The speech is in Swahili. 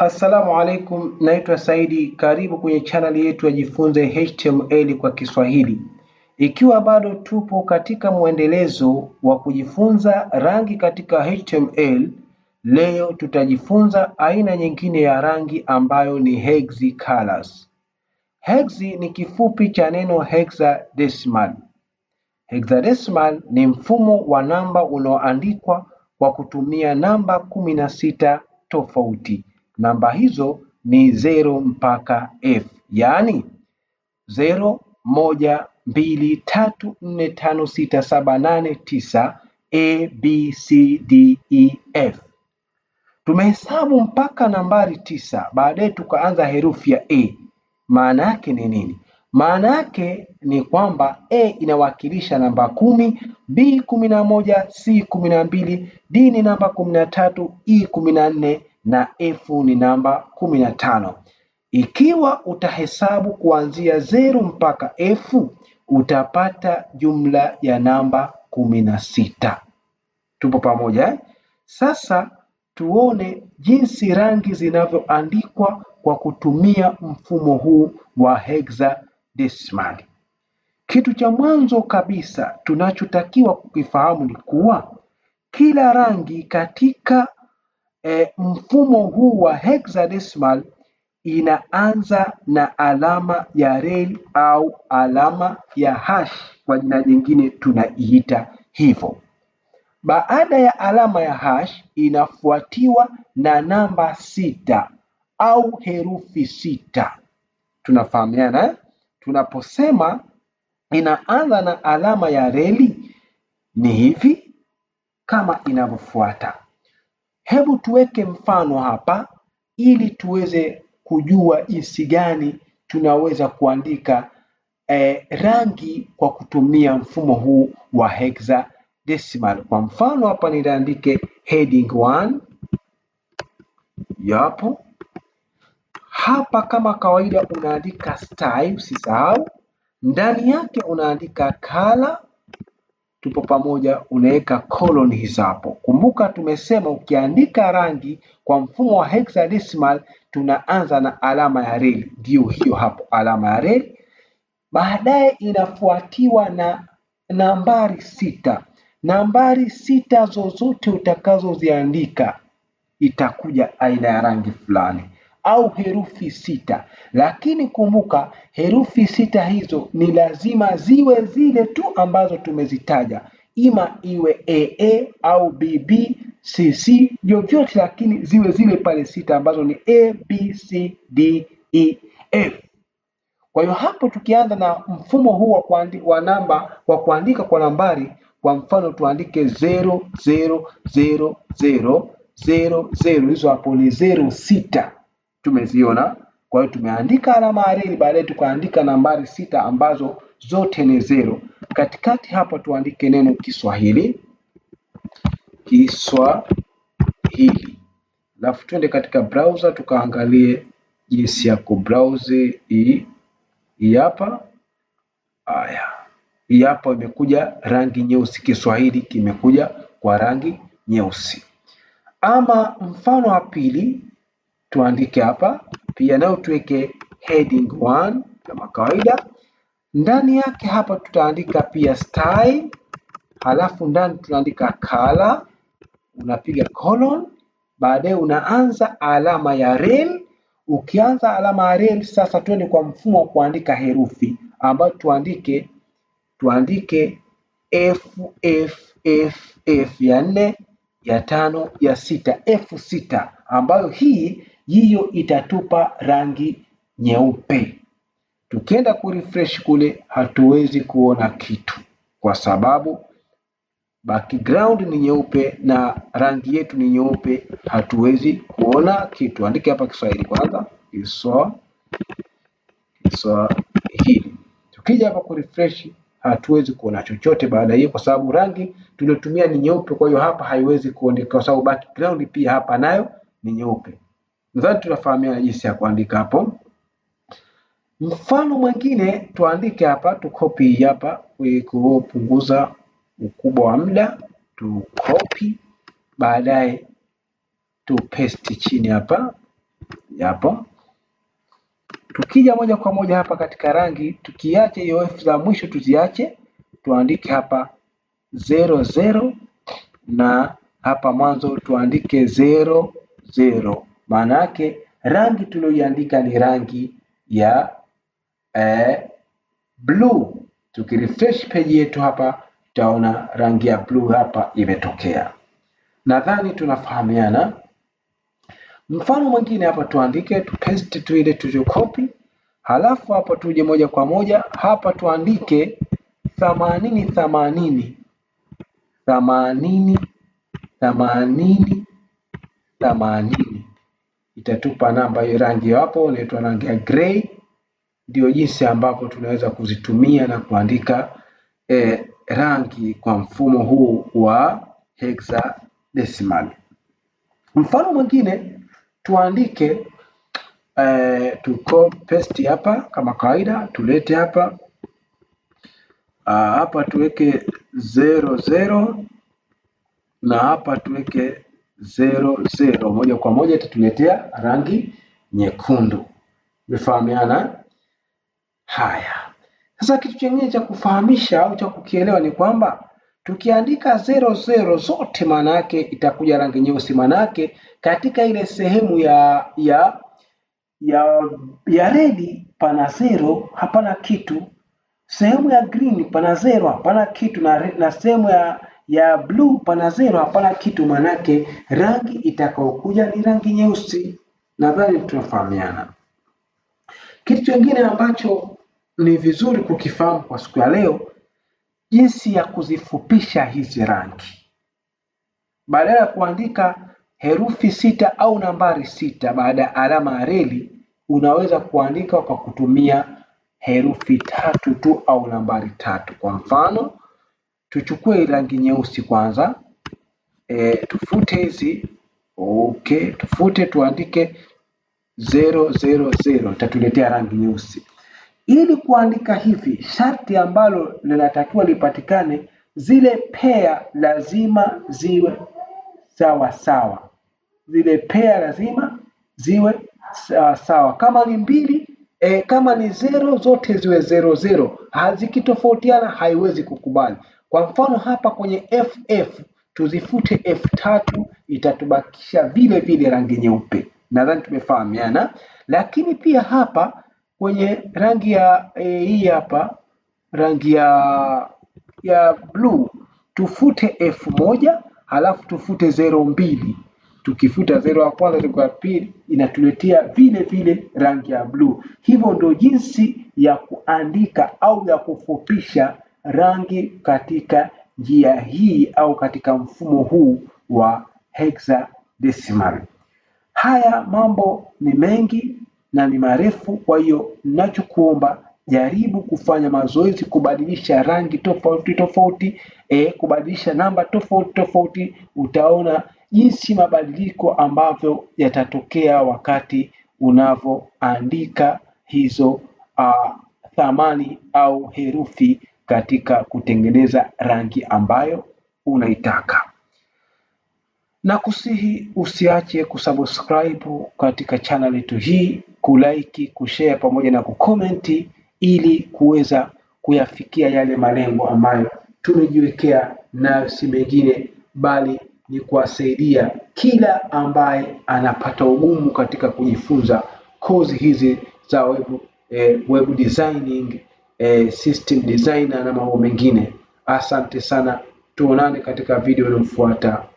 Assalamu alaikum, naitwa Saidi. Karibu kwenye chaneli yetu ya Jifunze HTML kwa Kiswahili. Ikiwa bado tupo katika mwendelezo wa kujifunza rangi katika HTML, leo tutajifunza aina nyingine ya rangi ambayo ni colors. Hex ni kifupi cha neno hexadecimal. Hexadecimal ni mfumo wa namba unaoandikwa kwa kutumia namba kumi na sita tofauti. Namba hizo ni 0 mpaka f, yaani 0 moja, mbili, tatu, nne, tano, sita, saba, nane, tisa, a, b, c, d, e, f. Tumehesabu mpaka nambari tisa, baadaye tukaanza herufi ya a. Maana yake ni nini? Maana yake ni kwamba a inawakilisha namba kumi, b kumi na moja, c kumi na mbili, d ni namba kumi na tatu, e kumi na nne na F ni namba kumi na tano. Ikiwa utahesabu kuanzia zero mpaka F utapata jumla ya namba kumi na sita. Tupo pamoja eh? Sasa tuone jinsi rangi zinavyoandikwa kwa kutumia mfumo huu wa hexadecimal. Kitu cha mwanzo kabisa tunachotakiwa kukifahamu ni kuwa kila rangi katika eh, mfumo huu wa hexadecimal inaanza na alama ya reli au alama ya hash, kwa jina jingine tunaiita hivyo. Baada ya alama ya hash inafuatiwa na namba sita au herufi sita. Tunafahamiana eh? Tunaposema inaanza na alama ya reli ni hivi kama inavyofuata. Hebu tuweke mfano hapa ili tuweze kujua jinsi gani tunaweza kuandika eh, rangi kwa kutumia mfumo huu wa hexadecimal. Kwa mfano hapa nitaandike heading 1 yapo hapa kama kawaida, unaandika style usisahau, ndani yake unaandika color tupo pamoja, unaweka hizo hapo. Kumbuka tumesema ukiandika rangi kwa mfumo wa hexadecimal tunaanza na alama ya reli, ndio hiyo hapo alama ya reli, baadaye inafuatiwa na nambari sita. Nambari sita zozote utakazoziandika itakuja aina ya rangi fulani au herufi sita, lakini kumbuka herufi sita hizo ni lazima ziwe zile tu ambazo tumezitaja, ima iwe aa e e au bb cc, vyovyote lakini ziwe zile pale sita ambazo ni a b c d e f. Kwa hiyo hapo tukianza na mfumo huu wa, kuandi, wa namba wa kuandika kwa nambari, kwa mfano tuandike 0 0 0 0 0 0, hizo hapo ni 0 sita tumeziona. Kwa hiyo tumeandika alama ya reli, baadaye tukaandika nambari sita ambazo zote ni zero. Katikati hapa tuandike neno Kiswahili, Kiswahili, alafu twende katika browser tukaangalie jinsi ya browse hii hii hapa. Haya, hii hapa imekuja rangi nyeusi, Kiswahili kimekuja kwa rangi nyeusi. Ama mfano wa pili tuandike hapa pia, nao tuweke heading 1 kama kawaida. Ndani yake hapa tutaandika pia style, halafu ndani tunaandika color, unapiga colon, baadaye unaanza alama ya rel. Ukianza alama ya rel, sasa twende kwa mfumo wa kuandika herufi ambayo tuandike tuandike F, F, F, F ya nne ya tano ya sita F sita ambayo hii hiyo itatupa rangi nyeupe. Tukienda kurefresh kule, hatuwezi kuona kitu kwa sababu background ni nyeupe na rangi yetu ni nyeupe, hatuwezi kuona kitu. Andike hapa Kiswahili kwanza, kiswa Kiswahili. Tukija hapa kurefresh, hatuwezi kuona chochote baada hiyo, kwa sababu rangi tuliyotumia ni nyeupe. Kwa hiyo hapa haiwezi kuonekana, kwa sababu background pia hapa nayo ni nyeupe. Nadhani tunafahamiana jinsi ya kuandika hapo. Mfano mwingine tuandike hapa, tukopi hapa kupunguza ukubwa wa muda, tukopi baadaye tupesti chini hapa hapo. Tukija moja kwa moja hapa katika rangi, tukiacha hiyo F za mwisho tuziache, tuandike hapa zero zero na hapa mwanzo tuandike zero zero maana yake rangi tuliyoiandika ni rangi ya eh, blue. Tukirefresh page yetu hapa tutaona rangi ya blue hapa imetokea. Nadhani tunafahamiana. Mfano mwingine hapa tuandike, tupaste tu ile tuliyokopi, halafu hapa tuje moja kwa moja hapa tuandike thamanini thamanini thamanini thamanini thamanini itatupa namba hiyo. Rangi hapo inaitwa rangi ya gray. ndio jinsi ambapo tunaweza kuzitumia na kuandika e, rangi kwa mfumo huu wa hexadecimal. Mfano mwingine tuandike e, tuko paste hapa kama kawaida, tulete hapa ah, hapa tuweke zero zero na hapa tuweke zero zero, moja kwa moja itatuletea rangi nyekundu. Umefahamiana? Haya, sasa kitu chengine cha kufahamisha au cha kukielewa ni kwamba tukiandika zero zero zote, maana yake itakuja rangi nyeusi. Maana yake katika ile sehemu ya ya ya ya redi pana zero, hapana kitu. Sehemu ya green pana zero, hapana kitu, na, na sehemu ya ya blue pana zero, hapana kitu, manake rangi itakaokuja ni rangi nyeusi. Nadhani tunafahamiana. Kitu kingine ambacho ni vizuri kukifahamu kwa siku ya leo, jinsi ya kuzifupisha hizi rangi. Badala ya kuandika herufi sita au nambari sita baada ya alama ya reli, unaweza kuandika kwa kutumia herufi tatu tu au nambari tatu. Kwa mfano tuchukue rangi nyeusi kwanza e, tufute hizi okay, tufute tuandike 000 itatuletea rangi nyeusi. Ili kuandika hivi, sharti ambalo linatakiwa lipatikane, zile pea lazima ziwe sawa sawa, zile pea lazima ziwe sawa sawa. Kama ni mbili e, kama ni zero, zote ziwe zero zero, zikitofautiana haiwezi kukubali. Kwa mfano hapa kwenye FF tuzifute F3 itatubakisha vile vile rangi nyeupe. Nadhani tumefahamiana, lakini pia hapa kwenye rangi ya e, hii hapa rangi ya ya bluu tufute F1 halafu tufute zero mbili. Tukifuta zero ya kwanza ya pili inatuletea vile vile rangi ya bluu. Hivyo ndio jinsi ya kuandika au ya kufupisha Rangi katika njia hii au katika mfumo huu wa hexadecimal. Haya mambo ni mengi na ni marefu, kwa hiyo ninachokuomba jaribu kufanya mazoezi kubadilisha rangi tofauti tofauti, e, kubadilisha namba tofauti tofauti. Utaona jinsi mabadiliko ambavyo yatatokea wakati unavyoandika hizo uh, thamani au herufi katika kutengeneza rangi ambayo unaitaka na kusihi usiache kusubscribe katika channel yetu hii, kulike, kushare pamoja na kukomenti ili kuweza kuyafikia yale malengo ambayo tumejiwekea, na si mengine bali ni kuwasaidia kila ambaye anapata ugumu katika kujifunza kozi hizi za web, eh, web designing eh, system designer na mambo mengine. Asante sana, tuonane katika video inayofuata.